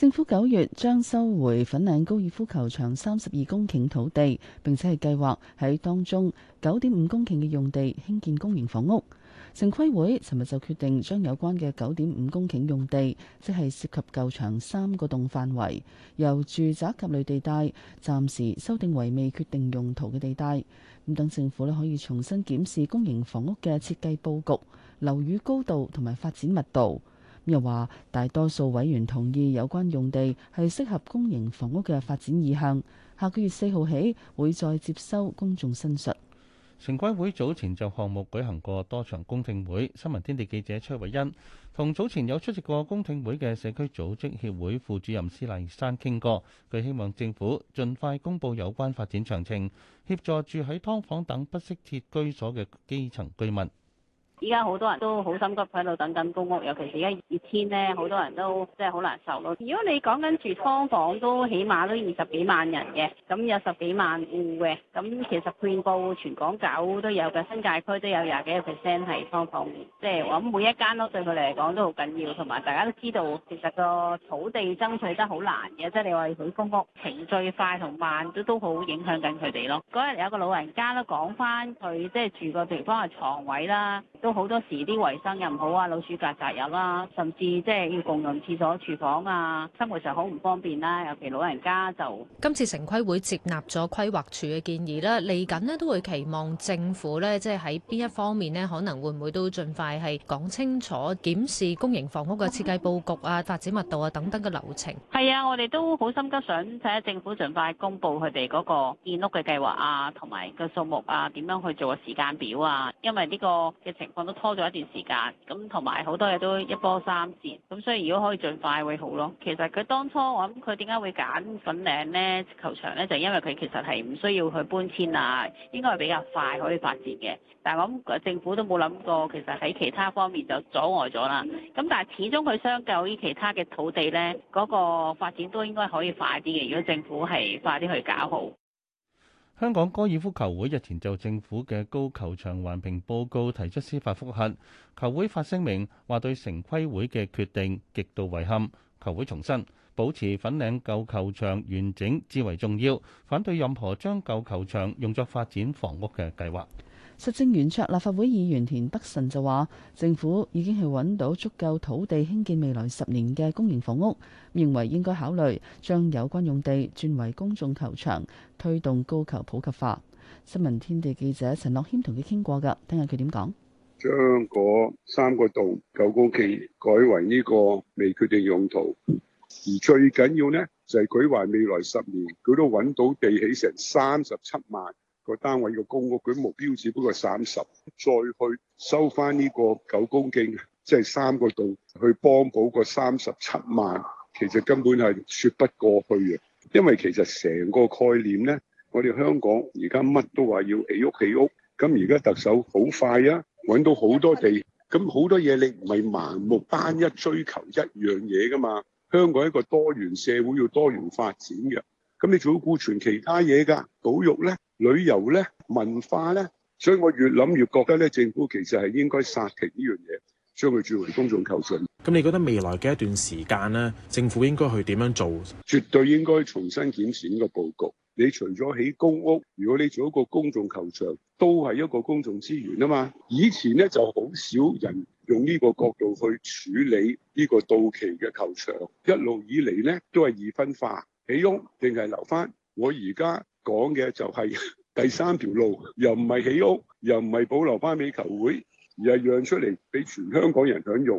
政府九月將收回粉嶺高爾夫球場三十二公頃土地，並且係計劃喺當中九點五公頃嘅用地興建公營房屋。城規會尋日就決定將有關嘅九點五公頃用地，即係涉及舊場三個洞範圍，由住宅甲類地帶暫時修訂為未決定用途嘅地帶，咁等政府呢可以重新檢視公營房屋嘅設計布局、樓宇高度同埋發展密度。又話大多數委員同意有關用地係適合公營房屋嘅發展意向，下個月四號起會再接收公眾申述。城規會早前就項目舉行過多場公聽會。新聞天地記者崔蔚恩同早前有出席過公聽會嘅社區組織協會副主任施麗珊傾過，佢希望政府盡快公佈有關發展詳情，協助住喺劏房等不適切居所嘅基層居民。依家好多人都好心急喺度等緊公屋，尤其是而家熱天咧，好多人都真係好難受咯。如果你講緊住劏房，房，都起碼都二十幾萬人嘅，咁有十幾萬戶嘅，咁其實遍布全港九都有嘅，新界區都有廿幾個 percent 係劏房，即係我諗每一間屋對佢嚟講都好緊要，同埋大家都知道其實個土地爭取得好難嘅，即係你話佢公屋程序快同慢都都好影響緊佢哋咯。嗰日有個老人家都講翻佢即係住個地方係床位啦。都好多時啲衞生又唔好啊，老鼠曱甴有啦，甚至即係要共用廁所、廚房啊，生活上好唔方便啦。尤其老人家就今次城規會接納咗規劃署嘅建議啦，嚟緊呢，都會期望政府咧，即係喺邊一方面呢，可能會唔會都盡快係講清楚檢視公營房屋嘅設計佈局啊、發展密度啊等等嘅流程。係啊，我哋都好心急想睇下政府盡快公布佢哋嗰個建屋嘅計劃啊，同埋個數目啊，點樣去做個時間表啊，因為呢個嘅情。都拖咗一段時間，咁同埋好多嘢都一波三折，咁所以如果可以盡快會好咯。其實佢當初我諗佢點解會揀粉嶺咧球場咧，就因為佢其實係唔需要去搬遷啊，應該係比較快可以發展嘅。但係我諗政府都冇諗過，其實喺其他方面就阻礙咗啦。咁但係始終佢相較於其他嘅土地咧，嗰、那個發展都應該可以快啲嘅。如果政府係快啲去搞好。香港哥爾夫球會日前就政府嘅高球場環評報告提出司法覆核。球會發聲明話對城規會嘅決定極度遺憾。球會重申，保持粉嶺舊球場完整至為重要，反對任何將舊球場用作發展房屋嘅計劃。實政圓桌立法會議員田北辰就話，政府已經係揾到足夠土地興建未來十年嘅公營房屋，認為應該考慮將有關用地轉為公眾球場，推動高球普及化。新聞天地記者陳樂謙同佢傾過噶，聽下佢點講？將嗰三個洞舊公地改為呢個未決定用途，而最緊要呢就係佢話未來十年，佢都揾到地起成三十七萬。個單位個公屋佢目標只不過三十，再去收翻呢個九公頃，即係三個洞去幫補個三十七萬，其實根本係説不過去嘅。因為其實成個概念咧，我哋香港而家乜都話要起屋起屋，咁而家特首好快啊，揾到好多地，咁好多嘢你唔係盲目單一追求一樣嘢㗎嘛？香港一個多元社會要多元發展嘅，咁你仲要顧全其他嘢㗎？保育咧？旅遊呢，文化呢，所以我越諗越覺得呢，政府其實係應該殺停呢樣嘢，將佢轉為公眾球場。咁你覺得未來嘅一段時間呢，政府應該去點樣做？絕對應該重新檢視呢個布局。你除咗起公屋，如果你做一個公眾球場，都係一個公眾資源啊嘛。以前呢，就好少人用呢個角度去處理呢個到期嘅球場。一路以嚟呢，都係二分化，起屋定係留翻。我而家講嘅就係第三條路，又唔係起屋，又唔係保留翻美球會，而係讓出嚟俾全香港人享用。